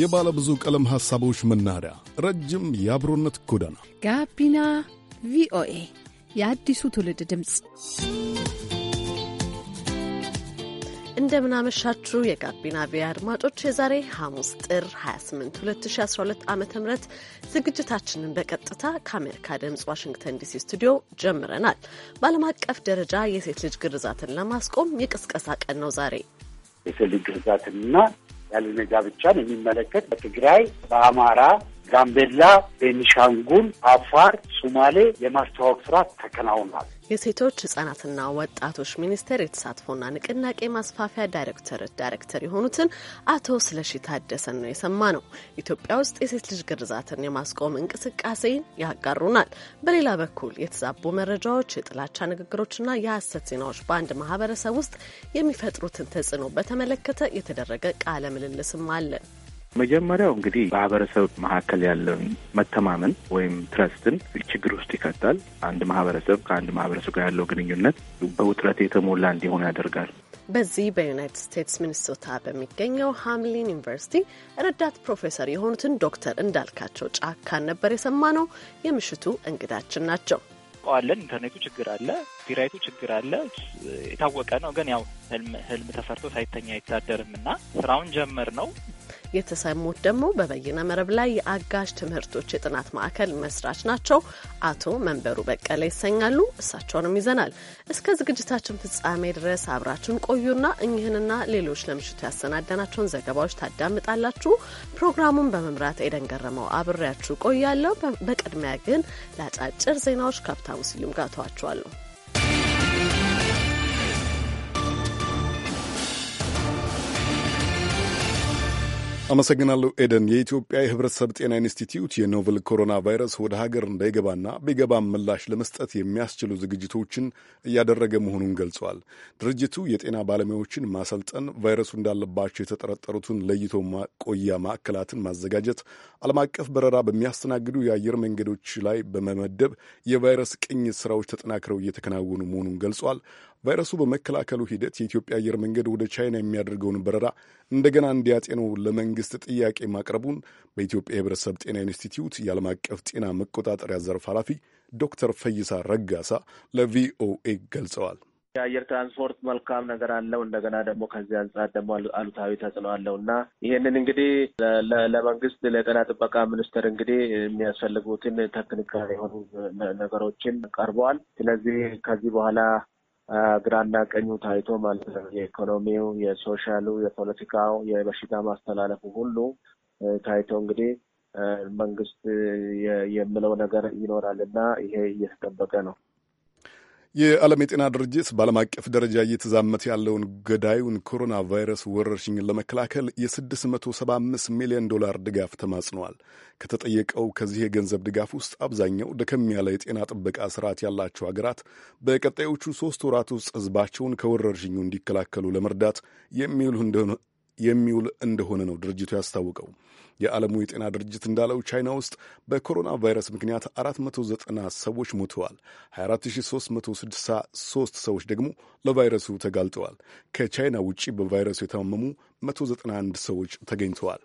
የባለ ብዙ ቀለም ሐሳቦች መናኸሪያ፣ ረጅም የአብሮነት ጎዳና ጋቢና ቪኦኤ የአዲሱ ትውልድ ድምፅ። እንደምናመሻችሁ የጋቢና ቪ አድማጮች የዛሬ ሐሙስ ጥር 28 2012 ዓ ም ዝግጅታችንን በቀጥታ ከአሜሪካ ድምፅ ዋሽንግተን ዲሲ ስቱዲዮ ጀምረናል። በዓለም አቀፍ ደረጃ የሴት ልጅ ግርዛትን ለማስቆም የቅስቀሳ ቀን ነው ዛሬ የትውልድ ግዛትንና ያለነ ብቻን የሚመለከት በትግራይ፣ በአማራ፣ ጋምቤላ፣ ቤኒሻንጉል፣ አፋር፣ ሱማሌ የማስተዋወቅ ስራ ተከናውኗል። የሴቶች ህጻናትና ወጣቶች ሚኒስቴር የተሳትፎና ንቅናቄ ማስፋፊያ ዳይሬክተር ዳይሬክተር የሆኑትን አቶ ስለሺ ታደሰን ነው የሰማ ነው። ኢትዮጵያ ውስጥ የሴት ልጅ ግርዛትን የማስቆም እንቅስቃሴን ያጋሩናል። በሌላ በኩል የተዛቡ መረጃዎች፣ የጥላቻ ንግግሮችና የሀሰት ዜናዎች በአንድ ማህበረሰብ ውስጥ የሚፈጥሩትን ተጽዕኖ በተመለከተ የተደረገ ቃለ ምልልስም አለን። መጀመሪያው እንግዲህ ማህበረሰብ መካከል ያለውን መተማመን ወይም ትረስትን ችግር ውስጥ ይከታል። አንድ ማህበረሰብ ከአንድ ማህበረሰብ ጋር ያለው ግንኙነት በውጥረት የተሞላ እንዲሆን ያደርጋል። በዚህ በዩናይትድ ስቴትስ ሚኒሶታ በሚገኘው ሃምሊን ዩኒቨርሲቲ ረዳት ፕሮፌሰር የሆኑትን ዶክተር እንዳልካቸው ጫካን ነበር የሰማ ነው። የምሽቱ እንግዳችን ናቸው። ቀዋለን ኢንተርኔቱ ችግር አለ፣ ቢራይቱ ችግር አለ። የታወቀ ነው። ግን ያው ህልም ተሰርቶ ሳይተኛ አይታደርም እና ስራውን ጀመር ነው የተሰሙት ደግሞ በበይነ መረብ ላይ የአጋዥ ትምህርቶች የጥናት ማዕከል መስራች ናቸው። አቶ መንበሩ በቀለ ይሰኛሉ። እሳቸውንም ይዘናል። እስከ ዝግጅታችን ፍጻሜ ድረስ አብራችን ቆዩና እኚህንና ሌሎች ለምሽቱ ያሰናዳናቸውን ዘገባዎች ታዳምጣላችሁ። ፕሮግራሙን በመምራት ኤደን ገረመው አብሬያችሁ ቆያለሁ። በቅድሚያ ግን ለአጫጭር ዜናዎች ካብታሙ ስዩም ጋር ተዋችኋለሁ። አመሰግናለሁ ኤደን። የኢትዮጵያ የህብረተሰብ ጤና ኢንስቲትዩት የኖቨል ኮሮና ቫይረስ ወደ ሀገር እንዳይገባና ቢገባም ምላሽ ለመስጠት የሚያስችሉ ዝግጅቶችን እያደረገ መሆኑን ገልጿል። ድርጅቱ የጤና ባለሙያዎችን ማሰልጠን፣ ቫይረሱ እንዳለባቸው የተጠረጠሩትን ለይቶ ማቆያ ማዕከላትን ማዘጋጀት፣ ዓለም አቀፍ በረራ በሚያስተናግዱ የአየር መንገዶች ላይ በመመደብ የቫይረስ ቅኝት ስራዎች ተጠናክረው እየተከናወኑ መሆኑን ገልጿል። ቫይረሱ በመከላከሉ ሂደት የኢትዮጵያ አየር መንገድ ወደ ቻይና የሚያደርገውን በረራ እንደገና እንዲያጤነው ለመንግስት ጥያቄ ማቅረቡን በኢትዮጵያ የሕብረተሰብ ጤና ኢንስቲትዩት የዓለም አቀፍ ጤና መቆጣጠሪያ ዘርፍ ኃላፊ ዶክተር ፈይሳ ረጋሳ ለቪኦኤ ገልጸዋል። የአየር ትራንስፖርት መልካም ነገር አለው። እንደገና ደግሞ ከዚህ አንጻር ደግሞ አሉታዊ ተጽዕኖ አለው እና ይህንን እንግዲህ ለመንግስት ለጤና ጥበቃ ሚኒስቴር እንግዲህ የሚያስፈልጉትን ቴክኒካል የሆኑ ነገሮችን ቀርበዋል። ስለዚህ ከዚህ በኋላ ግራና ቀኙ ታይቶ ማለት ነው። የኢኮኖሚው፣ የሶሻሉ፣ የፖለቲካው፣ የበሽታ ማስተላለፉ ሁሉ ታይቶ እንግዲህ መንግስት የምለው ነገር ይኖራል እና ይሄ እየተጠበቀ ነው። የዓለም የጤና ድርጅት በዓለም አቀፍ ደረጃ እየተዛመተ ያለውን ገዳዩን ኮሮና ቫይረስ ወረርሽኝን ለመከላከል የ675 ሚሊዮን ዶላር ድጋፍ ተማጽነዋል። ከተጠየቀው ከዚህ የገንዘብ ድጋፍ ውስጥ አብዛኛው ደከም ያለ የጤና ጥበቃ ስርዓት ያላቸው ሀገራት በቀጣዮቹ ሶስት ወራት ውስጥ ህዝባቸውን ከወረርሽኙ እንዲከላከሉ ለመርዳት የሚውል እንደሆነ ነው ድርጅቱ ያስታውቀው። የዓለሙ የጤና ድርጅት እንዳለው ቻይና ውስጥ በኮሮና ቫይረስ ምክንያት 490 ሰዎች ሞተዋል። 24363 ሰዎች ደግሞ ለቫይረሱ ተጋልጠዋል። ከቻይና ውጪ በቫይረሱ የታመሙ 191 ሰዎች ተገኝተዋል።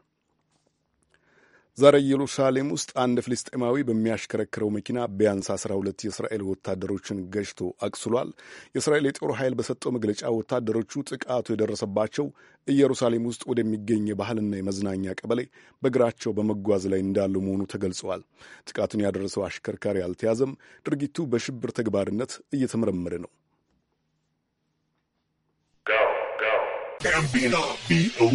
ዛሬ ኢየሩሳሌም ውስጥ አንድ ፍልስጤማዊ በሚያሽከረክረው መኪና ቢያንስ 12 የእስራኤል ወታደሮችን ገጭቶ አቅስሏል። የእስራኤል የጦር ኃይል በሰጠው መግለጫ ወታደሮቹ ጥቃቱ የደረሰባቸው ኢየሩሳሌም ውስጥ ወደሚገኝ የባህልና የመዝናኛ ቀበሌ በእግራቸው በመጓዝ ላይ እንዳሉ መሆኑ ተገልጸዋል። ጥቃቱን ያደረሰው አሽከርካሪ አልተያዘም። ድርጊቱ በሽብር ተግባርነት እየተመረመረ ነው። ጋቢና ቪኦኤ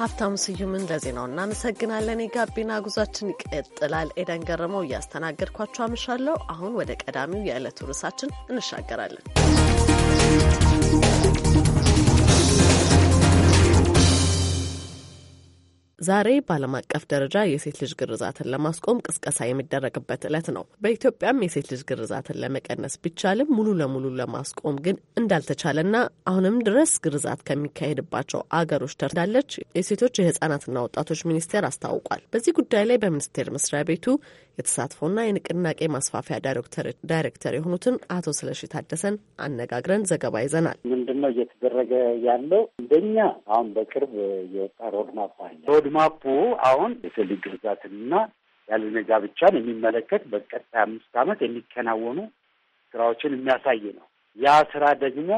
ሀብታሙ ስዩምን ለዜናው እናመሰግናለን። የጋቢና ጉዟችን ይቀጥላል። ኤደን ገረመው እያስተናገድኳቸው አመሻለሁ። አሁን ወደ ቀዳሚው የዕለቱ ርዕሳችን እንሻገራለን። ዛሬ በዓለም አቀፍ ደረጃ የሴት ልጅ ግርዛትን ለማስቆም ቅስቀሳ የሚደረግበት ዕለት ነው። በኢትዮጵያም የሴት ልጅ ግርዛትን ለመቀነስ ቢቻልም ሙሉ ለሙሉ ለማስቆም ግን እንዳልተቻለና አሁንም ድረስ ግርዛት ከሚካሄድባቸው አገሮች ተርዳለች የሴቶች የህጻናትና ወጣቶች ሚኒስቴር አስታውቋል። በዚህ ጉዳይ ላይ በሚኒስቴር መስሪያ ቤቱ የተሳትፎና የንቅናቄ ማስፋፊያ ዳይሬክተር የሆኑትን አቶ ስለሺ ታደሰን አነጋግረን ዘገባ ይዘናል። ምንድን ነው እየተደረገ ያለው? እንደኛ አሁን በቅርብ የወጣ ሮድማፕ አለ ድማፖ አሁን የሴት ግርዛትንና ያልዕድሜ ጋብቻን የሚመለከት በቀጣይ አምስት ዓመት የሚከናወኑ ስራዎችን የሚያሳይ ነው። ያ ስራ ደግሞ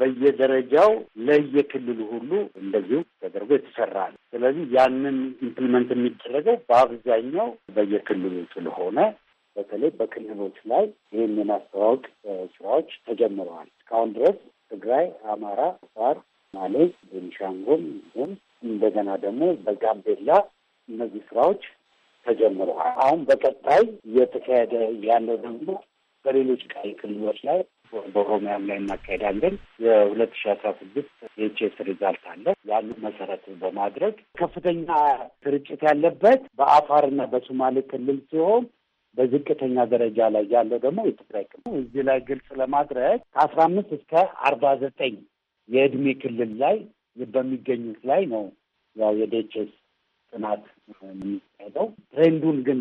በየደረጃው ለየክልሉ ሁሉ እንደዚሁ ተደርጎ የተሰራ ነው። ስለዚህ ያንን ኢምፕሊመንት የሚደረገው በአብዛኛው በየክልሉ ስለሆነ በተለይ በክልሎች ላይ ይህን የማስተዋወቅ ስራዎች ተጀምረዋል። እስካሁን ድረስ ትግራይ፣ አማራ፣ አፋር፣ ማሌ፣ ቤኒሻንጉል ዞን እንደገና ደግሞ በጋምቤላ እነዚህ ስራዎች ተጀምረዋል። አሁን በቀጣይ እየተካሄደ ያለው ደግሞ በሌሎች ቀይ ክልሎች ላይ በኦሮሚያም ላይ እናካሄዳለን። የሁለት ሺ አስራ ስድስት የቼስ ሪዛልት አለ ያሉ መሰረት በማድረግ ከፍተኛ ስርጭት ያለበት በአፋርና በሶማሌ ክልል ሲሆን በዝቅተኛ ደረጃ ላይ ያለው ደግሞ የትግራይ ክልል። እዚህ ላይ ግልጽ ለማድረግ ከአስራ አምስት እስከ አርባ ዘጠኝ የእድሜ ክልል ላይ በሚገኙት ላይ ነው ያው የዴችስ ጥናት የሚካሄደው። ትሬንዱን ግን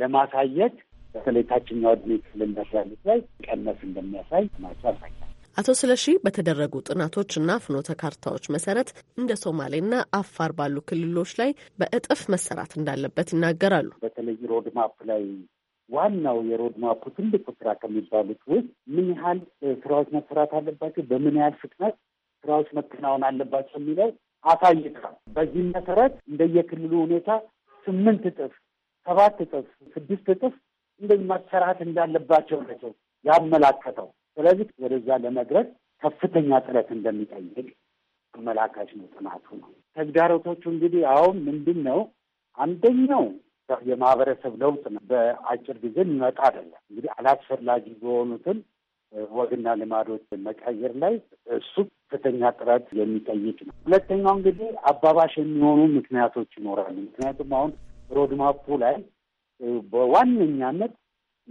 ለማሳየት በተለይ ታችኛው እድሜ ክልል መስራቤት ላይ ቀነስ እንደሚያሳይ ጥናቱ ያሳያል። አቶ ስለሺ በተደረጉ ጥናቶች እና ፍኖተ ካርታዎች መሰረት እንደ ሶማሌና አፋር ባሉ ክልሎች ላይ በእጥፍ መሰራት እንዳለበት ይናገራሉ። በተለይ ሮድማፕ ላይ ዋናው የሮድማፑ ትልቁ ስራ ከሚባሉት ውስጥ ምን ያህል ስራዎች መሰራት አለባቸው፣ በምን ያህል ፍጥነት ስራዎች መከናወን አለባቸው የሚለው አሳይቷል። በዚህም መሰረት እንደየክልሉ ሁኔታ ስምንት እጥፍ፣ ሰባት እጥፍ፣ ስድስት እጥፍ እንደዚህ መሰራት እንዳለባቸው ናቸው ያመላከተው። ስለዚህ ወደዛ ለመድረስ ከፍተኛ ጥረት እንደሚጠይቅ አመላካች ነው ጥናቱ ነው። ተግዳሮቶቹ እንግዲህ አሁን ምንድን ነው አንደኛው የማህበረሰብ ለውጥ ነው። በአጭር ጊዜ የሚመጣ አይደለም። እንግዲህ አላስፈላጊ የሆኑትን ወግና ልማዶች መቀየር ላይ እሱ ከፍተኛ ጥረት የሚጠይቅ ነው። ሁለተኛው እንግዲህ አባባሽ የሚሆኑ ምክንያቶች ይኖራሉ። ምክንያቱም አሁን ሮድማፑ ላይ በዋነኛነት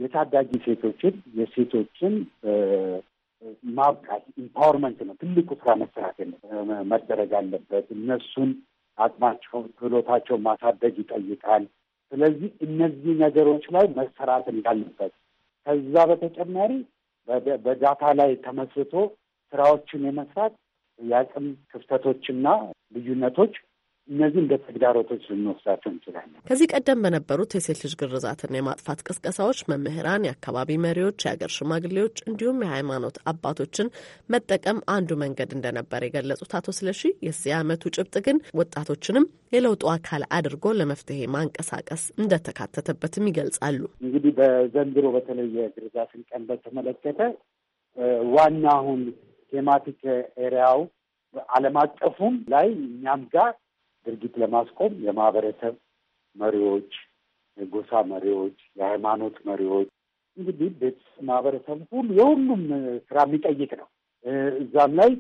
የታዳጊ ሴቶችን የሴቶችን ማብቃት ኢምፓወርመንት ነው ትልቁ ስራ መሰራት መደረግ አለበት። እነሱን አቅማቸው ክህሎታቸው ማሳደግ ይጠይቃል። ስለዚህ እነዚህ ነገሮች ላይ መሰራት እንዳለበት ከዛ በተጨማሪ በዳታ ላይ ተመስርቶ ስራዎችን የመስራት የአቅም ክፍተቶችና ልዩነቶች እነዚህ እንደ ተግዳሮቶች ልንወስዳቸው እንችላለን። ከዚህ ቀደም በነበሩት የሴት ልጅ ግርዛትና የማጥፋት ቅስቀሳዎች መምህራን፣ የአካባቢ መሪዎች፣ የሀገር ሽማግሌዎች እንዲሁም የሃይማኖት አባቶችን መጠቀም አንዱ መንገድ እንደነበር የገለጹት አቶ ስለሺ የዚህ ዓመቱ ጭብጥ ግን ወጣቶችንም የለውጡ አካል አድርጎ ለመፍትሄ ማንቀሳቀስ እንደተካተተበትም ይገልጻሉ። እንግዲህ በዘንድሮ በተለይ የግርዛትን ቀን በተመለከተ ዋና አሁን ቴማቲክ ኤሪያው ዓለም አቀፉም ላይ እኛም ጋር ድርጊት ለማስቆም የማህበረሰብ መሪዎች፣ የጎሳ መሪዎች፣ የሃይማኖት መሪዎች እንግዲህ ቤተሰብ፣ ማህበረሰብ ሁሉ የሁሉም ስራ የሚጠይቅ ነው። እዛም ላይ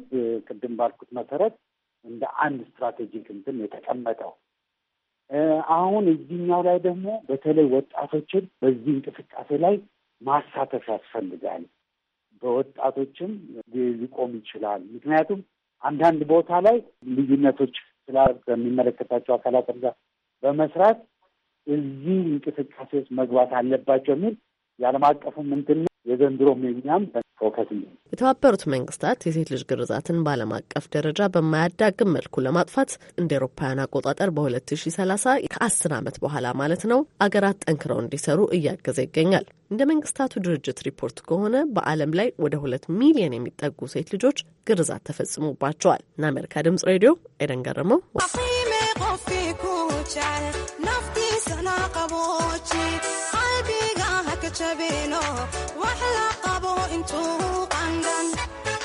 ቅድም ባልኩት መሰረት እንደ አንድ ስትራቴጂክ እንትን የተቀመጠው አሁን እዚህኛው ላይ ደግሞ በተለይ ወጣቶችን በዚህ እንቅስቃሴ ላይ ማሳተፍ ያስፈልጋል። በወጣቶችም ሊቆም ይችላል። ምክንያቱም አንዳንድ ቦታ ላይ ልዩነቶች ስራ በሚመለከታቸው አካላት ጋር በመስራት እዚህ እንቅስቃሴ ውስጥ መግባት አለባቸው የሚል የዓለም አቀፉም እንትን የዘንድሮም የኛም ፎከስ የተባበሩት መንግስታት የሴት ልጅ ግርዛትን በዓለም አቀፍ ደረጃ በማያዳግም መልኩ ለማጥፋት እንደ ኤሮፓውያን አቆጣጠር በ2030 ከአስር ዓመት በኋላ ማለት ነው አገራት ጠንክረው እንዲሰሩ እያገዘ ይገኛል። እንደ መንግስታቱ ድርጅት ሪፖርት ከሆነ በዓለም ላይ ወደ ሁለት ሚሊዮን የሚጠጉ ሴት ልጆች ግርዛት ተፈጽሞባቸዋል። ለአሜሪካ ድምጽ ሬዲዮ ኤደን ገረመው።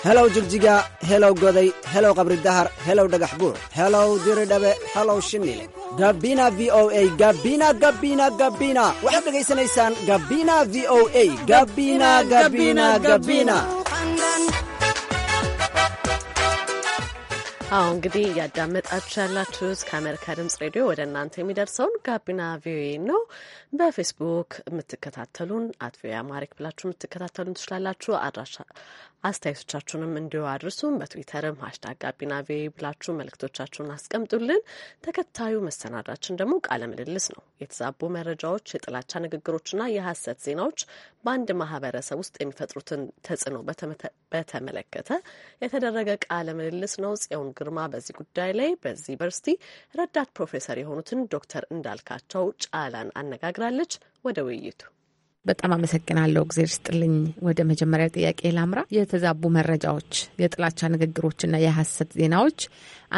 helow jigjiga helow goday helow qabridahar helow dhagax buur helow diridhabe helow shimil gabina v o a gabina gabina gabina waxaad dhegaysanaysaan gabina v o a gabina gabina gabina አሁ እንግዲህ እያዳመጣችሁ ያላችሁት ከአሜሪካ ድምጽ ሬዲዮ ወደ እናንተ የሚደርሰውን ጋቢና ቪኦኤ ነው። በፌስቡክ የምትከታተሉን አት ቪኦኤ አማሪክ ብላችሁ የምትከታተሉን ትችላላችሁ። አስተያየቶቻችሁንም እንዲሁ አድርሱም። በትዊተርም ሀሽታግ ጋቢና ቪ ብላችሁ መልእክቶቻችሁን አስቀምጡልን። ተከታዩ መሰናዳችን ደግሞ ቃለ ምልልስ ነው። የተዛቡ መረጃዎች፣ የጥላቻ ንግግሮችና የሀሰት ዜናዎች በአንድ ማህበረሰብ ውስጥ የሚፈጥሩትን ተጽዕኖ በተመለከተ የተደረገ ቃለ ምልልስ ነው። ጽዮን ግርማ በዚህ ጉዳይ ላይ በዚህ ዩኒቨርሲቲ ረዳት ፕሮፌሰር የሆኑትን ዶክተር እንዳልካቸው ጫላን አነጋግራለች። ወደ ውይይቱ በጣም አመሰግናለሁ። እግዜር ስጥልኝ። ወደ መጀመሪያ ጥያቄ ላምራ። የተዛቡ መረጃዎች፣ የጥላቻ ንግግሮችና የሐሰት ዜናዎች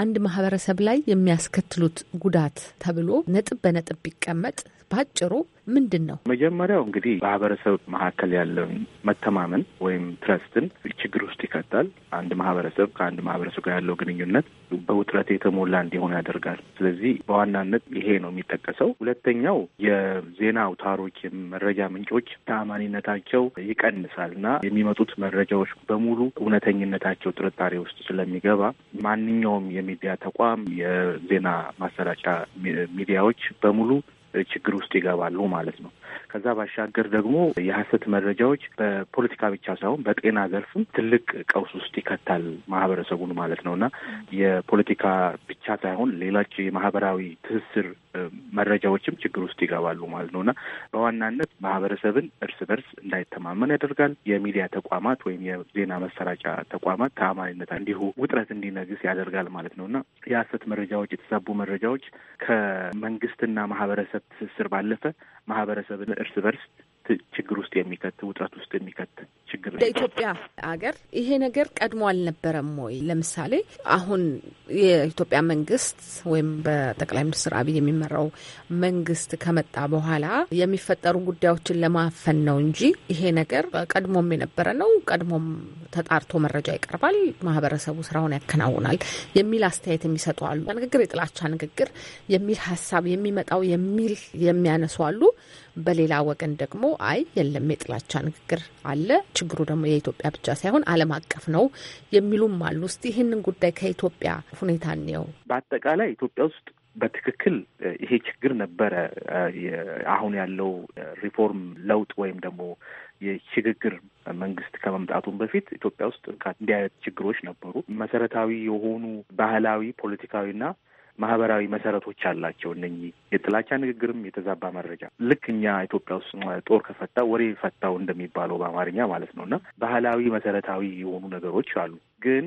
አንድ ማህበረሰብ ላይ የሚያስከትሉት ጉዳት ተብሎ ነጥብ በነጥብ ቢቀመጥ ባጭሩ ምንድን ነው? መጀመሪያው እንግዲህ ማህበረሰብ መካከል ያለውን መተማመን ወይም ትረስትን ችግር ውስጥ ይከታል። አንድ ማህበረሰብ ከአንድ ማህበረሰብ ጋር ያለው ግንኙነት በውጥረት የተሞላ እንዲሆን ያደርጋል። ስለዚህ በዋናነት ይሄ ነው የሚጠቀሰው። ሁለተኛው የዜና አውታሮች፣ መረጃ ምንጮች ተአማኒነታቸው ይቀንሳል እና የሚመጡት መረጃዎች በሙሉ እውነተኝነታቸው ጥርጣሬ ውስጥ ስለሚገባ ማንኛውም የሚዲያ ተቋም የዜና ማሰራጫ ሚዲያዎች በሙሉ ችግር ውስጥ ይገባሉ ማለት ነው። ከዛ ባሻገር ደግሞ የሀሰት መረጃዎች በፖለቲካ ብቻ ሳይሆን በጤና ዘርፍም ትልቅ ቀውስ ውስጥ ይከታል ማህበረሰቡን ማለት ነው እና የፖለቲካ ብቻ ሳይሆን ሌሎች የማህበራዊ ትስስር መረጃዎችም ችግር ውስጥ ይገባሉ ማለት ነው እና በዋናነት ማህበረሰብን እርስ በርስ እንዳይተማመን ያደርጋል። የሚዲያ ተቋማት ወይም የዜና መሰራጫ ተቋማት ተአማኒነት እንዲሁ ውጥረት እንዲነግስ ያደርጋል ማለት ነው እና የሀሰት መረጃዎች፣ የተዛቡ መረጃዎች ከመንግስትና ማህበረሰብ ትስስር ባለፈ ማህበረሰብ ማህበረሰብን እርስ በርስ ችግር ውስጥ የሚከት ውጥረት ውስጥ የሚከት ችግር ነው። በኢትዮጵያ ሀገር ይሄ ነገር ቀድሞ አልነበረም ወይ? ለምሳሌ አሁን የኢትዮጵያ መንግስት ወይም በጠቅላይ ሚኒስትር አብይ የሚመራው መንግስት ከመጣ በኋላ የሚፈጠሩ ጉዳዮችን ለማፈን ነው እንጂ ይሄ ነገር ቀድሞም የነበረ ነው። ቀድሞም ተጣርቶ መረጃ ይቀርባል፣ ማህበረሰቡ ስራውን ያከናውናል የሚል አስተያየት የሚሰጡ አሉ። ንግግር የጥላቻ ንግግር የሚል ሀሳብ የሚመጣው የሚል የሚያነሱ አሉ። በሌላ ወገን ደግሞ አይ የለም የጥላቻ ንግግር አለ፣ ችግሩ ደግሞ የኢትዮጵያ ብቻ ሳይሆን ዓለም አቀፍ ነው የሚሉም አሉ። እስቲ ይህንን ጉዳይ ከኢትዮጵያ ሁኔታ እንየው። በአጠቃላይ ኢትዮጵያ ውስጥ በትክክል ይሄ ችግር ነበረ። አሁን ያለው ሪፎርም ለውጥ ወይም ደግሞ የሽግግር መንግስት ከመምጣቱን በፊት ኢትዮጵያ ውስጥ እንዲህ አይነት ችግሮች ነበሩ። መሰረታዊ የሆኑ ባህላዊ፣ ፖለቲካዊና ማህበራዊ መሰረቶች አላቸው። እነኚህ የጥላቻ ንግግርም የተዛባ መረጃ ልክ እኛ ኢትዮጵያ ውስጥ ጦር ከፈታ ወሬ ፈታው እንደሚባለው በአማርኛ ማለት ነው እና ባህላዊ መሰረታዊ የሆኑ ነገሮች አሉ ግን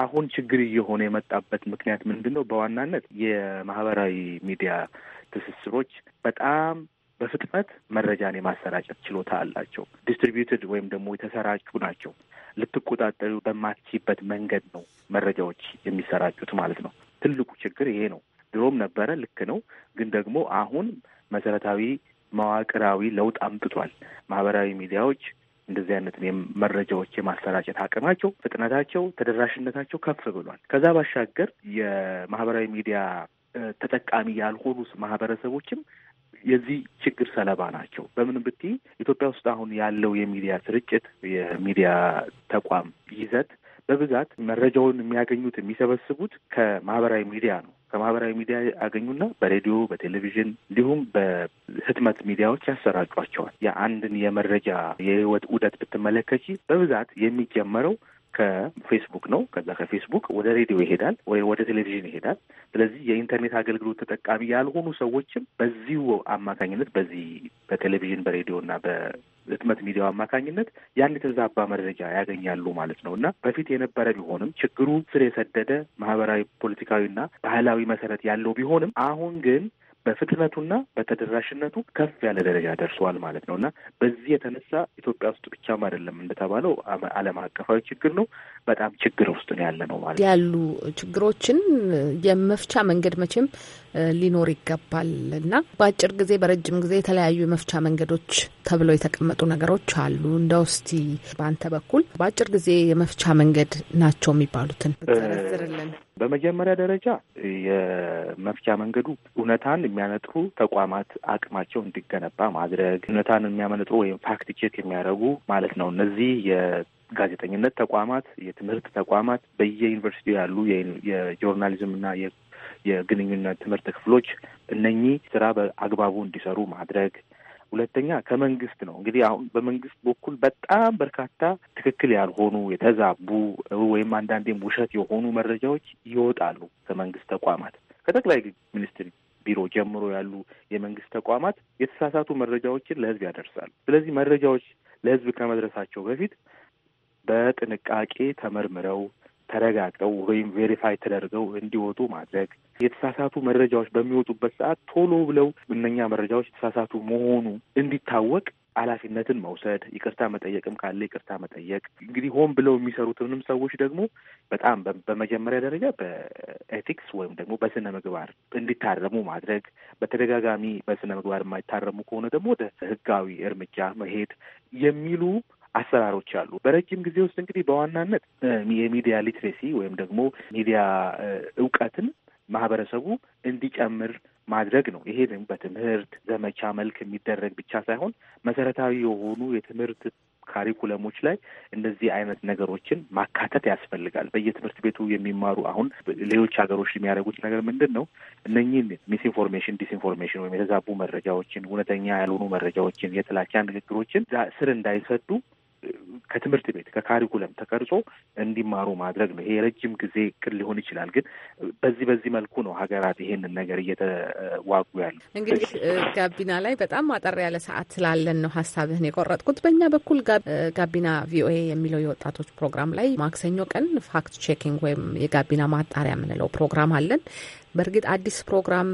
አሁን ችግር እየሆነ የመጣበት ምክንያት ምንድን ነው? በዋናነት የማህበራዊ ሚዲያ ትስስሮች በጣም በፍጥነት መረጃን የማሰራጨት ችሎታ አላቸው። ዲስትሪቢዩትድ ወይም ደግሞ የተሰራጩ ናቸው። ልትቆጣጠሩ በማትችበት መንገድ ነው መረጃዎች የሚሰራጩት ማለት ነው። ትልቁ ችግር ይሄ ነው። ድሮም ነበረ፣ ልክ ነው። ግን ደግሞ አሁን መሰረታዊ መዋቅራዊ ለውጥ አምጥቷል። ማህበራዊ ሚዲያዎች እንደዚህ አይነት መረጃዎች የማሰራጨት አቅማቸው፣ ፍጥነታቸው፣ ተደራሽነታቸው ከፍ ብሏል። ከዛ ባሻገር የማህበራዊ ሚዲያ ተጠቃሚ ያልሆኑ ማህበረሰቦችም የዚህ ችግር ሰለባ ናቸው። በምን ብቲ ኢትዮጵያ ውስጥ አሁን ያለው የሚዲያ ስርጭት የሚዲያ ተቋም ይዘት በብዛት መረጃውን የሚያገኙት የሚሰበስቡት ከማህበራዊ ሚዲያ ነው። ከማህበራዊ ሚዲያ ያገኙና በሬዲዮ፣ በቴሌቪዥን እንዲሁም በህትመት ሚዲያዎች ያሰራጯቸዋል። የአንድን የመረጃ የህይወት ውደት ብትመለከች በብዛት የሚጀመረው ከፌስቡክ ነው። ከዛ ከፌስቡክ ወደ ሬዲዮ ይሄዳል ወይም ወደ ቴሌቪዥን ይሄዳል። ስለዚህ የኢንተርኔት አገልግሎት ተጠቃሚ ያልሆኑ ሰዎችም በዚሁ አማካኝነት በዚህ በቴሌቪዥን በሬዲዮ እና በህትመት ሚዲያው አማካኝነት ያን የተዛባ መረጃ ያገኛሉ ማለት ነው እና በፊት የነበረ ቢሆንም ችግሩ ስር የሰደደ ማህበራዊ፣ ፖለቲካዊና ባህላዊ መሰረት ያለው ቢሆንም አሁን ግን በፍጥነቱና በተደራሽነቱ ከፍ ያለ ደረጃ ደርሰዋል ማለት ነው እና በዚህ የተነሳ ኢትዮጵያ ውስጥ ብቻም አይደለም እንደተባለው ዓለም አቀፋዊ ችግር ነው። በጣም ችግር ውስጥ ነው ያለ ነው ማለት ያሉ ችግሮችን የመፍቻ መንገድ መቼም ሊኖር ይገባል እና በአጭር ጊዜ በረጅም ጊዜ የተለያዩ የመፍቻ መንገዶች ተብለው የተቀመጡ ነገሮች አሉ። እንደ ውስቲ በአንተ በኩል በአጭር ጊዜ የመፍቻ መንገድ ናቸው የሚባሉትን ዘረዝርልን። በመጀመሪያ ደረጃ የመፍቻ መንገዱ እውነታን የሚያነጥሩ ተቋማት አቅማቸው እንዲገነባ ማድረግ፣ እውነታን የሚያመነጥሩ ወይም ፋክት ቼክ የሚያደርጉ ማለት ነው። እነዚህ የጋዜጠኝነት ተቋማት፣ የትምህርት ተቋማት፣ በየዩኒቨርሲቲ ያሉ የጆርናሊዝም እና የግንኙነት ትምህርት ክፍሎች እነኚህ ስራ በአግባቡ እንዲሰሩ ማድረግ ሁለተኛ ከመንግስት ነው እንግዲህ አሁን በመንግስት በኩል በጣም በርካታ ትክክል ያልሆኑ የተዛቡ ወይም አንዳንዴም ውሸት የሆኑ መረጃዎች ይወጣሉ። ከመንግስት ተቋማት ከጠቅላይ ሚኒስትር ቢሮ ጀምሮ ያሉ የመንግስት ተቋማት የተሳሳቱ መረጃዎችን ለህዝብ ያደርሳሉ። ስለዚህ መረጃዎች ለህዝብ ከመድረሳቸው በፊት በጥንቃቄ ተመርምረው ተረጋግጠው ወይም ቬሪፋይ ተደርገው እንዲወጡ ማድረግ የተሳሳቱ መረጃዎች በሚወጡበት ሰዓት ቶሎ ብለው እነኛ መረጃዎች የተሳሳቱ መሆኑ እንዲታወቅ ኃላፊነትን መውሰድ ይቅርታ መጠየቅም ካለ ይቅርታ መጠየቅ እንግዲህ ሆን ብለው የሚሰሩትንም ሰዎች ደግሞ በጣም በመጀመሪያ ደረጃ በኤቲክስ ወይም ደግሞ በስነ ምግባር እንዲታረሙ ማድረግ፣ በተደጋጋሚ በስነ ምግባር የማይታረሙ ከሆነ ደግሞ ወደ ህጋዊ እርምጃ መሄድ የሚሉ አሰራሮች አሉ። በረጅም ጊዜ ውስጥ እንግዲህ በዋናነት የሚዲያ ሊትሬሲ ወይም ደግሞ ሚዲያ እውቀትን ማህበረሰቡ እንዲጨምር ማድረግ ነው። ይሄ በትምህርት ዘመቻ መልክ የሚደረግ ብቻ ሳይሆን መሰረታዊ የሆኑ የትምህርት ካሪኩለሞች ላይ እንደዚህ አይነት ነገሮችን ማካተት ያስፈልጋል። በየትምህርት ቤቱ የሚማሩ አሁን ሌሎች ሀገሮች የሚያደርጉት ነገር ምንድን ነው? እነኚህን ሚስኢንፎርሜሽን፣ ዲስኢንፎርሜሽን ወይም የተዛቡ መረጃዎችን፣ እውነተኛ ያልሆኑ መረጃዎችን፣ የጥላቻ ንግግሮችን ስር እንዳይሰዱ ከትምህርት ቤት ከካሪኩለም ተቀርጾ እንዲማሩ ማድረግ ነው። ይሄ የረጅም ጊዜ እቅድ ሊሆን ይችላል፣ ግን በዚህ በዚህ መልኩ ነው ሀገራት ይሄንን ነገር እየተዋጉ ያሉ። እንግዲህ ጋቢና ላይ በጣም አጠር ያለ ሰዓት ስላለን ነው ሀሳብህን የቆረጥኩት። በእኛ በኩል ጋቢና ቪኦኤ የሚለው የወጣቶች ፕሮግራም ላይ ማክሰኞ ቀን ፋክት ቼኪንግ ወይም የጋቢና ማጣሪያ የምንለው ፕሮግራም አለን። በእርግጥ አዲስ ፕሮግራም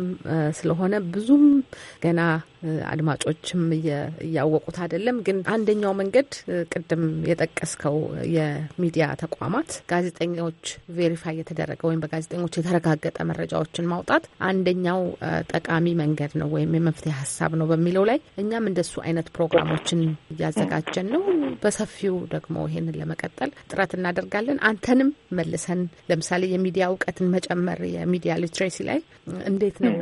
ስለሆነ ብዙም ገና አድማጮችም እያወቁት አይደለም። ግን አንደኛው መንገድ ቅድም የጠቀስከው የሚዲያ ተቋማት ጋዜጠኞች ቬሪፋይ የተደረገ ወይም በጋዜጠኞች የተረጋገጠ መረጃዎችን ማውጣት አንደኛው ጠቃሚ መንገድ ነው ወይም የመፍትሄ ሀሳብ ነው በሚለው ላይ እኛም እንደሱ አይነት ፕሮግራሞችን እያዘጋጀን ነው። በሰፊው ደግሞ ይሄንን ለመቀጠል ጥረት እናደርጋለን። አንተንም መልሰን ለምሳሌ የሚዲያ እውቀትን መጨመር የሚዲያ ሊትሬሲ ላይ እንዴት ነው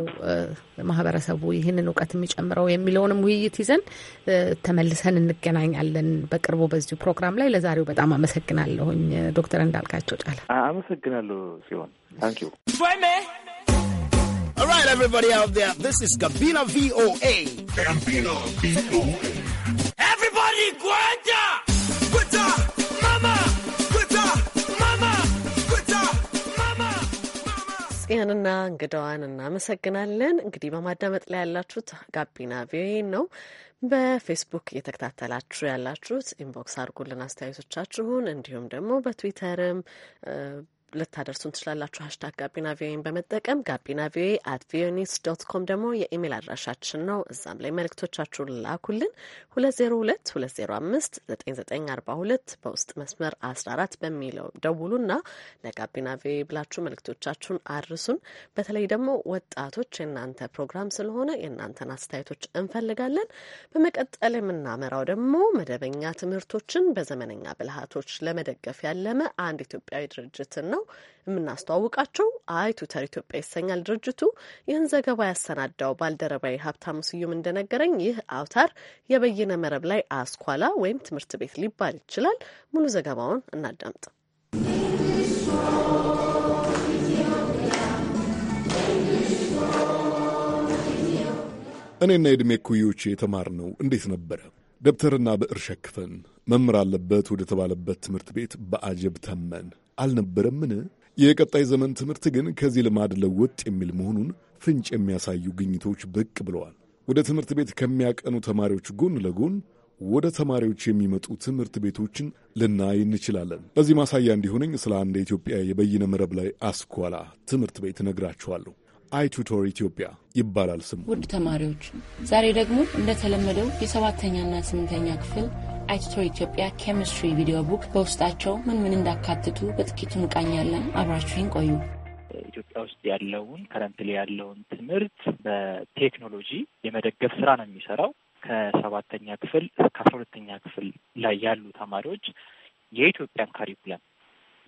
ማህበረሰቡ ይህንን እውቀት የሚጨምር የምንጀምረው የሚለውንም ውይይት ይዘን ተመልሰን እንገናኛለን በቅርቡ በዚሁ ፕሮግራም ላይ። ለዛሬው በጣም አመሰግናለሁኝ ዶክተር እንዳልካቸው ጫለ። አመሰግናለሁ ሲሆን ታንኪ All right, everybody out there, this is Gabina VOA. Gabina VOA. ጽዮንና እንግዳዋን እናመሰግናለን። እንግዲህ በማዳመጥ ላይ ያላችሁት ጋቢና ቪኦኤ ነው። በፌስቡክ እየተከታተላችሁ ያላችሁት ኢንቦክስ አድርጉልን አስተያየቶቻችሁን፣ እንዲሁም ደግሞ በትዊተርም ልታደርሱን ትችላላችሁ። ሀሽታግ ጋቢና ቪኦኤን በመጠቀም ጋቢና ቪኦኤ አት ቪኦኤ ኒውስ ዶት ኮም ደግሞ የኢሜል አድራሻችን ነው። እዛም ላይ መልእክቶቻችሁን ላኩልን። ሁለት ዜሮ ሁለት ሁለት ዜሮ አምስት ዘጠኝ ዘጠኝ አርባ ሁለት በውስጥ መስመር አስራ አራት በሚለው ደውሉና ለጋቢና ቪኦኤ ብላችሁ መልእክቶቻችሁን አድርሱን። በተለይ ደግሞ ወጣቶች የእናንተ ፕሮግራም ስለሆነ የእናንተን አስተያየቶች እንፈልጋለን። በመቀጠል የምናመራው ደግሞ መደበኛ ትምህርቶችን በዘመነኛ ብልሃቶች ለመደገፍ ያለመ አንድ ኢትዮጵያዊ ድርጅትን ነው። ነው የምናስተዋውቃቸው። አይ ቱተር ኢትዮጵያ ይሰኛል ድርጅቱ። ይህን ዘገባ ያሰናዳው ባልደረባዊ ሀብታሙ ስዩም እንደነገረኝ ይህ አውታር የበይነ መረብ ላይ አስኳላ ወይም ትምህርት ቤት ሊባል ይችላል። ሙሉ ዘገባውን እናዳምጥ። እኔና የዕድሜ ኩዮቼ የተማርነው እንዴት ነበረ? ደብተርና ብዕር ሸክፈን መምህር አለበት ወደ ተባለበት ትምህርት ቤት በአጀብ ተመን አልነበረምን? የቀጣይ ዘመን ትምህርት ግን ከዚህ ልማድ ለወጥ የሚል መሆኑን ፍንጭ የሚያሳዩ ግኝቶች ብቅ ብለዋል። ወደ ትምህርት ቤት ከሚያቀኑ ተማሪዎች ጎን ለጎን ወደ ተማሪዎች የሚመጡ ትምህርት ቤቶችን ልናይ እንችላለን። ለዚህ ማሳያ እንዲሆነኝ ስለ አንድ የኢትዮጵያ የበይነ መረብ ላይ አስኳላ ትምህርት ቤት ነግራችኋለሁ። አይቱቶር ኢትዮጵያ ይባላል ስሙ። ውድ ተማሪዎች ዛሬ ደግሞ እንደተለመደው የሰባተኛና ስምንተኛ ክፍል አይቱቶር ኢትዮጵያ ኬሚስትሪ ቪዲዮ ቡክ በውስጣቸው ምን ምን እንዳካትቱ በጥቂቱ እንቃኛለን። አብራችሁን ቆዩ። ኢትዮጵያ ውስጥ ያለውን ከረንትሊ ያለውን ትምህርት በቴክኖሎጂ የመደገፍ ስራ ነው የሚሰራው። ከሰባተኛ ክፍል እስከ አስራ ሁለተኛ ክፍል ላይ ያሉ ተማሪዎች የኢትዮጵያን ካሪኩለም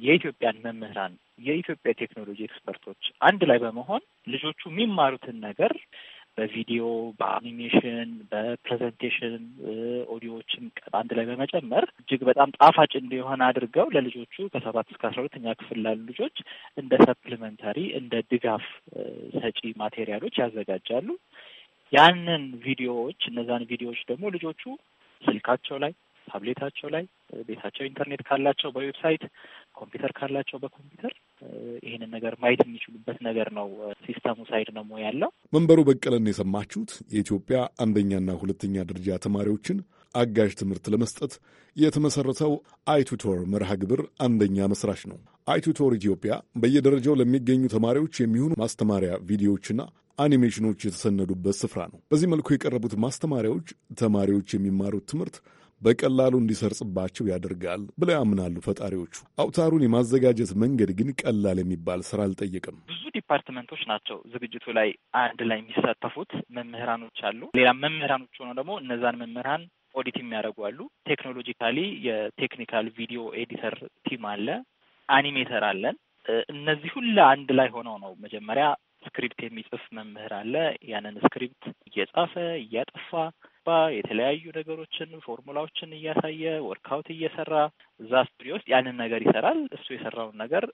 የኢትዮጵያን መምህራን የኢትዮጵያ ቴክኖሎጂ ኤክስፐርቶች አንድ ላይ በመሆን ልጆቹ የሚማሩትን ነገር በቪዲዮ፣ በአኒሜሽን፣ በፕሬዘንቴሽን ኦዲዮዎችን አንድ ላይ በመጨመር እጅግ በጣም ጣፋጭ እንዲሆን አድርገው ለልጆቹ ከሰባት እስከ አስራ ሁለተኛ ክፍል ላሉ ልጆች እንደ ሰፕሊመንታሪ እንደ ድጋፍ ሰጪ ማቴሪያሎች ያዘጋጃሉ። ያንን ቪዲዮዎች እነዛን ቪዲዮዎች ደግሞ ልጆቹ ስልካቸው ላይ ታብሌታቸው ላይ፣ ቤታቸው ኢንተርኔት ካላቸው በዌብሳይት፣ ኮምፒውተር ካላቸው በኮምፒውተር ይህንን ነገር ማየት የሚችሉበት ነገር ነው። ሲስተሙ ሳይድ ነው ያለው። መንበሩ በቀለን የሰማችሁት የኢትዮጵያ አንደኛና ሁለተኛ ደረጃ ተማሪዎችን አጋዥ ትምህርት ለመስጠት የተመሰረተው አይቱቶር መርሃ ግብር አንደኛ መስራች ነው። አይቱቶር ኢትዮጵያ በየደረጃው ለሚገኙ ተማሪዎች የሚሆኑ ማስተማሪያ ቪዲዮዎችና አኒሜሽኖች የተሰነዱበት ስፍራ ነው። በዚህ መልኩ የቀረቡት ማስተማሪያዎች ተማሪዎች የሚማሩት ትምህርት በቀላሉ እንዲሰርጽባቸው ያደርጋል ብለው ያምናሉ ፈጣሪዎቹ። አውታሩን የማዘጋጀት መንገድ ግን ቀላል የሚባል ስራ አልጠየቅም። ብዙ ዲፓርትመንቶች ናቸው ዝግጅቱ ላይ አንድ ላይ የሚሳተፉት መምህራኖች አሉ። ሌላ መምህራኖች ሆነው ደግሞ እነዛን መምህራን ኦዲት የሚያደርጉ አሉ። ቴክኖሎጂካሊ የቴክኒካል ቪዲዮ ኤዲተር ቲም አለ፣ አኒሜተር አለን። እነዚህ ሁላ አንድ ላይ ሆነው ነው መጀመሪያ ስክሪፕት የሚጽፍ መምህር አለ። ያንን ስክሪፕት እየጻፈ እያጠፋ የተለያዩ ነገሮችን ፎርሙላዎችን እያሳየ ወርክአውት እየሰራ እዛ ስቱዲዮ ውስጥ ያንን ነገር ይሰራል። እሱ የሰራውን ነገር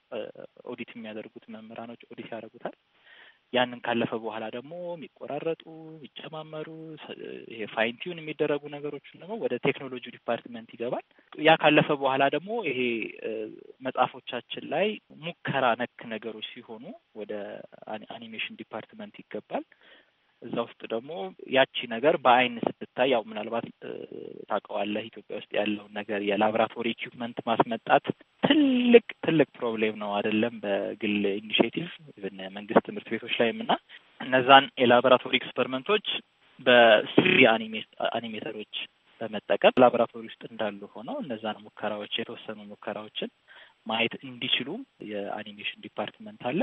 ኦዲት የሚያደርጉት መምህራኖች ኦዲት ያደርጉታል። ያንን ካለፈ በኋላ ደግሞ የሚቆራረጡ የሚጨማመሩ ይሄ ፋይንቲውን የሚደረጉ ነገሮችን ደግሞ ወደ ቴክኖሎጂ ዲፓርትመንት ይገባል። ያ ካለፈ በኋላ ደግሞ ይሄ መጽሐፎቻችን ላይ ሙከራ ነክ ነገሮች ሲሆኑ ወደ አኒሜሽን ዲፓርትመንት ይገባል። እዛ ውስጥ ደግሞ ያቺ ነገር በአይን ስትታይ ያው ምናልባት ታውቀዋለህ ኢትዮጵያ ውስጥ ያለውን ነገር የላብራቶሪ ኢኩፕመንት ማስመጣት ትልቅ ትልቅ ፕሮብሌም ነው አይደለም? በግል ኢኒሽቲቭ መንግስት ትምህርት ቤቶች ላይም እና እነዛን የላብራቶሪ ኤክስፐሪመንቶች በስሪ አኒሜተሮች በመጠቀም ላብራቶሪ ውስጥ እንዳሉ ሆነው እነዛን ሙከራዎች የተወሰኑ ሙከራዎችን ማየት እንዲችሉ የአኒሜሽን ዲፓርትመንት አለ።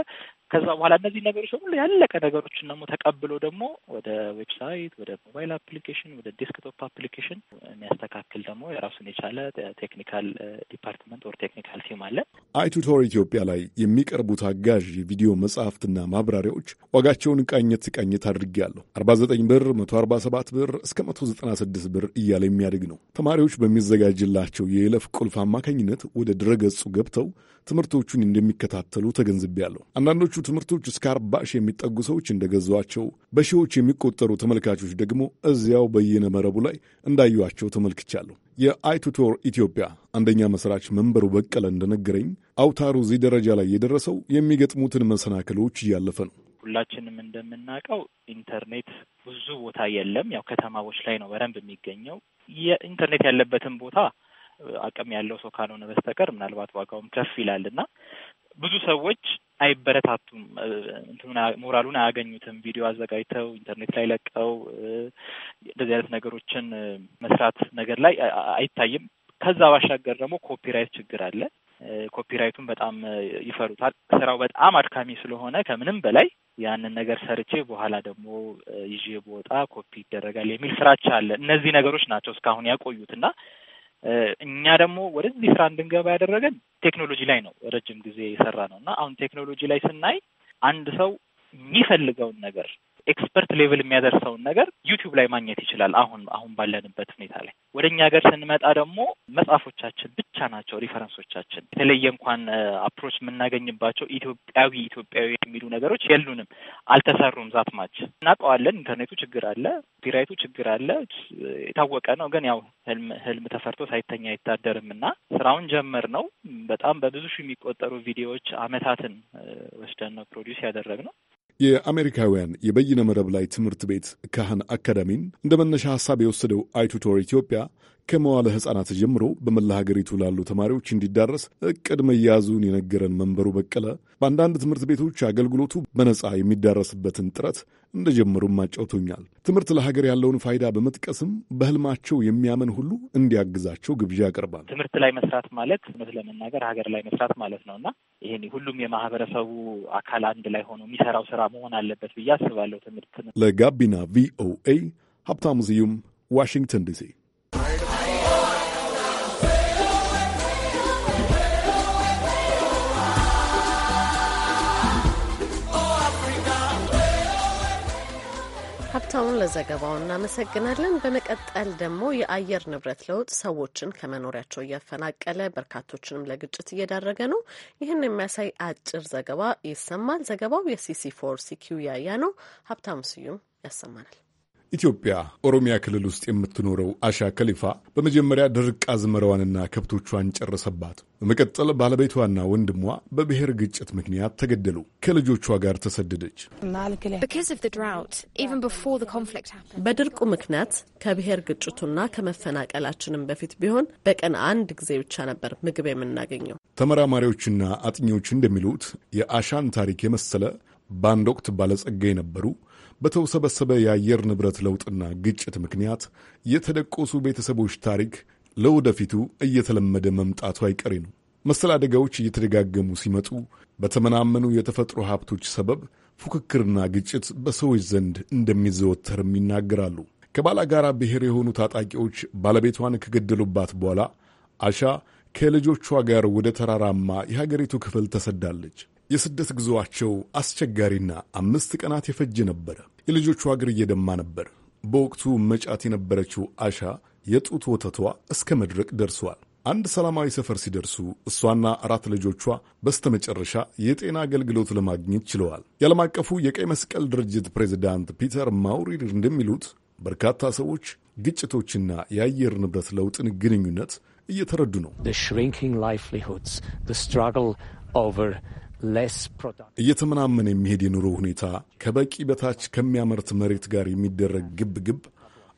ከዛ በኋላ እነዚህ ነገሮች በሙሉ ያለቀ ነገሮችን ደግሞ ተቀብሎ ደግሞ ወደ ዌብሳይት፣ ወደ ሞባይል አፕሊኬሽን፣ ወደ ዴስክቶፕ አፕሊኬሽን የሚያስተካክል ደግሞ የራሱን የቻለ ቴክኒካል ዲፓርትመንት ወር ቴክኒካል ቲም አለ። አይቱቶር ኢትዮጵያ ላይ የሚቀርቡት አጋዥ የቪዲዮ መጽሐፍትና ማብራሪያዎች ዋጋቸውን ቃኘት ቃኘት አድርጌያለሁ። 49 ብር፣ 147 ብር እስከ 196 ብር እያለ የሚያድግ ነው። ተማሪዎች በሚዘጋጅላቸው የይለፍ ቁልፍ አማካኝነት ወደ ድረገጹ ገብተው ትምህርቶቹን እንደሚከታተሉ ተገንዝቤያለሁ። አንዳንዶቹ ትምህርቶች እስከ አርባ ሺህ የሚጠጉ ሰዎች እንደገዟቸው፣ በሺዎች የሚቆጠሩ ተመልካቾች ደግሞ እዚያው በየነ መረቡ ላይ እንዳዩቸው ተመልክቻለሁ። የአይቱቶር ኢትዮጵያ አንደኛ መስራች መንበሩ በቀለ እንደነገረኝ አውታሩ እዚህ ደረጃ ላይ የደረሰው የሚገጥሙትን መሰናክሎች እያለፈ ነው። ሁላችንም እንደምናውቀው ኢንተርኔት ብዙ ቦታ የለም። ያው ከተማዎች ላይ ነው በደንብ የሚገኘው። የኢንተርኔት ያለበትን ቦታ አቅም ያለው ሰው ካልሆነ በስተቀር ምናልባት ዋጋውም ከፍ ይላል እና ብዙ ሰዎች አይበረታቱም፣ ሞራሉን አያገኙትም። ቪዲዮ አዘጋጅተው ኢንተርኔት ላይ ለቀው እንደዚህ አይነት ነገሮችን መስራት ነገር ላይ አይታይም። ከዛ ባሻገር ደግሞ ኮፒራይት ችግር አለ። ኮፒራይቱን በጣም ይፈሩታል። ስራው በጣም አድካሚ ስለሆነ ከምንም በላይ ያንን ነገር ሰርቼ በኋላ ደግሞ ይዤ በወጣ ኮፒ ይደረጋል የሚል ፍራቻ አለ። እነዚህ ነገሮች ናቸው እስካሁን ያቆዩት እና እኛ ደግሞ ወደዚህ ስራ እንድንገባ ያደረገን ቴክኖሎጂ ላይ ነው ረጅም ጊዜ የሰራ ነው እና አሁን ቴክኖሎጂ ላይ ስናይ አንድ ሰው የሚፈልገውን ነገር ኤክስፐርት ሌቭል የሚያደርሰውን ነገር ዩቲዩብ ላይ ማግኘት ይችላል። አሁን አሁን ባለንበት ሁኔታ ላይ ወደ እኛ ሀገር ስንመጣ ደግሞ መጽሐፎቻችን ብቻ ናቸው ሪፈረንሶቻችን። የተለየ እንኳን አፕሮች የምናገኝባቸው ኢትዮጵያዊ ኢትዮጵያዊ የሚሉ ነገሮች የሉንም፣ አልተሰሩም። ዛትማች እናውቀዋለን። ኢንተርኔቱ ችግር አለ፣ ፒራይቱ ችግር አለ፣ የታወቀ ነው። ግን ያው ህልም ህልም ተፈርቶ ሳይተኛ አይታደርም እና ስራውን ጀመር ነው። በጣም በብዙ ሺህ የሚቆጠሩ ቪዲዮዎች አመታትን ወስደን ነው ፕሮዲውስ ያደረግ ነው። የአሜሪካውያን የበይነ መረብ ላይ ትምህርት ቤት ካህን አካዳሚን እንደ መነሻ ሀሳብ የወሰደው አይቱቶር ኢትዮጵያ ከመዋለ ሕፃናት ጀምሮ በመላ ሀገሪቱ ላሉ ተማሪዎች እንዲዳረስ እቅድ መያዙን የነገረን መንበሩ በቀለ በአንዳንድ ትምህርት ቤቶች አገልግሎቱ በነፃ የሚዳረስበትን ጥረት እንደጀመሩም አጫውቶኛል። ትምህርት ለሀገር ያለውን ፋይዳ በመጥቀስም በህልማቸው የሚያምን ሁሉ እንዲያግዛቸው ግብዣ ያቀርባል። ትምህርት ላይ መስራት ማለት እውነት ለመናገር ሀገር ላይ መስራት ማለት ነው እና ይህን ሁሉም የማህበረሰቡ አካል አንድ ላይ ሆኖ የሚሰራው ስራ መሆን አለበት ብዬ አስባለሁ። ትምህርት ለጋቢና ቪኦኤ ሀብታሙ ስዩም ዋሽንግተን ዲሲ አስታውን ለዘገባው እናመሰግናለን። በመቀጠል ደግሞ የአየር ንብረት ለውጥ ሰዎችን ከመኖሪያቸው እያፈናቀለ በርካቶችንም ለግጭት እየዳረገ ነው። ይህን የሚያሳይ አጭር ዘገባ ይሰማል። ዘገባው የሲሲ ፎር ያያ ነው። ሀብታሙ ስዩም ያሰማናል። ኢትዮጵያ ኦሮሚያ ክልል ውስጥ የምትኖረው አሻ ከሊፋ በመጀመሪያ ድርቅ አዝመራዋንና ከብቶቿን ጨረሰባት። በመቀጠል ባለቤቷና ወንድሟ በብሔር ግጭት ምክንያት ተገደሉ። ከልጆቿ ጋር ተሰደደች። በድርቁ ምክንያት ከብሔር ግጭቱና ከመፈናቀላችንም በፊት ቢሆን በቀን አንድ ጊዜ ብቻ ነበር ምግብ የምናገኘው። ተመራማሪዎችና አጥኚዎች እንደሚሉት የአሻን ታሪክ የመሰለ በአንድ ወቅት ባለጸጋ የነበሩ በተውሰበሰበ የአየር ንብረት ለውጥና ግጭት ምክንያት የተደቆሱ ቤተሰቦች ታሪክ ለወደፊቱ እየተለመደ መምጣቱ አይቀሬ ነው። መሰል አደጋዎች እየተደጋገሙ ሲመጡ በተመናመኑ የተፈጥሮ ሀብቶች ሰበብ ፉክክርና ግጭት በሰዎች ዘንድ እንደሚዘወተርም ይናገራሉ። ከባላጋራ ብሔር የሆኑ ታጣቂዎች ባለቤቷን ከገደሉባት በኋላ አሻ ከልጆቿ ጋር ወደ ተራራማ የሀገሪቱ ክፍል ተሰዳለች። የስደት ጉዞአቸው አስቸጋሪና አምስት ቀናት የፈጀ ነበረ። የልጆቹ አገር እየደማ ነበር። በወቅቱ መጫት የነበረችው አሻ የጡት ወተቷ እስከ መድረቅ ደርሷል። አንድ ሰላማዊ ሰፈር ሲደርሱ እሷና አራት ልጆቿ በስተመጨረሻ የጤና አገልግሎት ለማግኘት ችለዋል። የዓለም አቀፉ የቀይ መስቀል ድርጅት ፕሬዚዳንት ፒተር ማውሪድ እንደሚሉት በርካታ ሰዎች ግጭቶችና የአየር ንብረት ለውጥን ግንኙነት እየተረዱ ነው። እየተመናመነ የሚሄድ የኑሮ ሁኔታ ከበቂ በታች ከሚያመርት መሬት ጋር የሚደረግ ግብ ግብ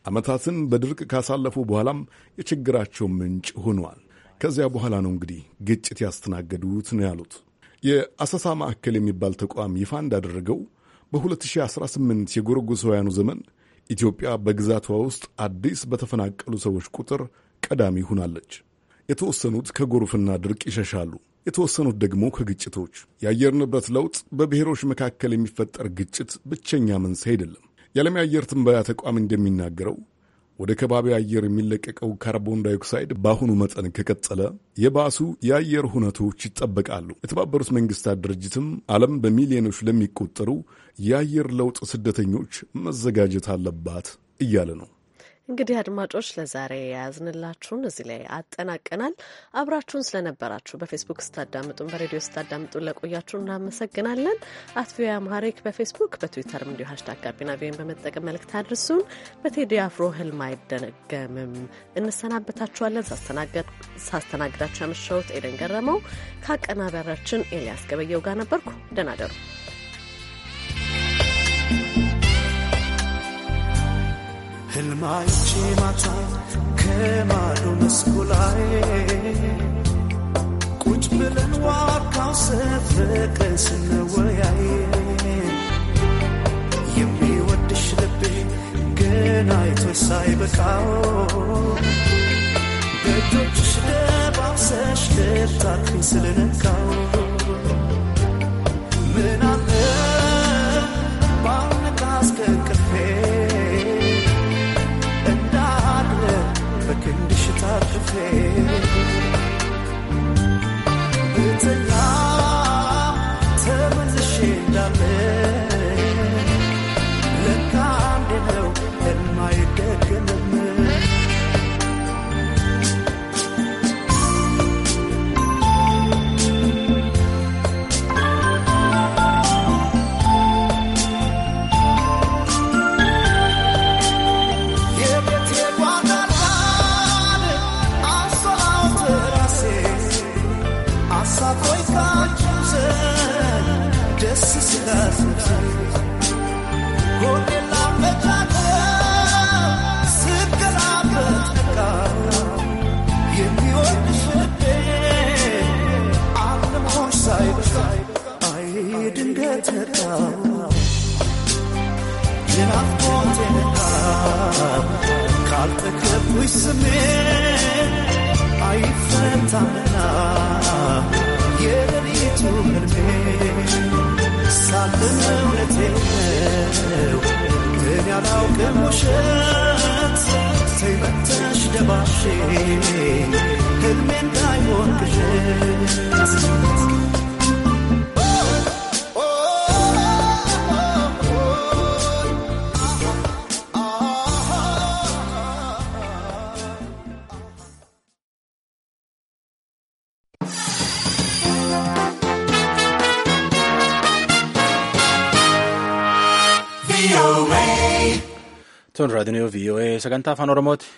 ዓመታትን በድርቅ ካሳለፉ በኋላም የችግራቸው ምንጭ ሆኗል። ከዚያ በኋላ ነው እንግዲህ ግጭት ያስተናገዱት ነው ያሉት። የአሰሳ ማዕከል የሚባል ተቋም ይፋ እንዳደረገው በ2018 የጎረጎሳውያኑ ዘመን ኢትዮጵያ በግዛቷ ውስጥ አዲስ በተፈናቀሉ ሰዎች ቁጥር ቀዳሚ ሆናለች። የተወሰኑት ከጎርፍና ድርቅ ይሸሻሉ። የተወሰኑት ደግሞ ከግጭቶች። የአየር ንብረት ለውጥ በብሔሮች መካከል የሚፈጠር ግጭት ብቸኛ መንስኤ አይደለም። የዓለም የአየር ትንበያ ተቋም እንደሚናገረው ወደ ከባቢ አየር የሚለቀቀው ካርቦን ዳይኦክሳይድ በአሁኑ መጠን ከቀጠለ የባሱ የአየር ሁነቶች ይጠበቃሉ። የተባበሩት መንግስታት ድርጅትም ዓለም በሚሊዮኖች ለሚቆጠሩ የአየር ለውጥ ስደተኞች መዘጋጀት አለባት እያለ ነው። እንግዲህ አድማጮች ለዛሬ የያዝንላችሁን እዚህ ላይ አጠናቀናል። አብራችሁን ስለነበራችሁ በፌስቡክ ስታዳምጡን፣ በሬዲዮ ስታዳምጡን ለቆያችሁ እናመሰግናለን። አት አማሪክ በፌስቡክ በትዊተርም እንዲሁ ሀሽታግ ጋቢና ቪኦኤን በመጠቀም መልእክት አድርሱን። በቴዲ አፍሮ ህልም አይደገምም እንሰናበታችኋለን። ሳስተናግዳችሁ ያመሸሁት ኤደን ገረመው ከአቀናበራችን ኤልያስ ገበየው ጋር ነበርኩ። ደህና ደሩ። ህልማይቺ ማታ ከማዶ መስኩ ላይ ቁጭ ብለን ዋካው ሰፍቀን ስንወያይ የሚወድሽ ልቤ ገና አይቶች ሳይበቃው በእጆችሽ ደባብሰሽ ደብታክኝ ስለነካው ምናለ ባልነቃ ድንገት የናፍቆቴ ካልተከብኩኝ ስሜ አይፈታምና የሌሊቱ ህልሜ ሳልን እምነቴ ነው ግን ያላውቅም ውሸት ተይበተሽ Tun raadiyoo VOA eh, sagantaa afaan Oromooti.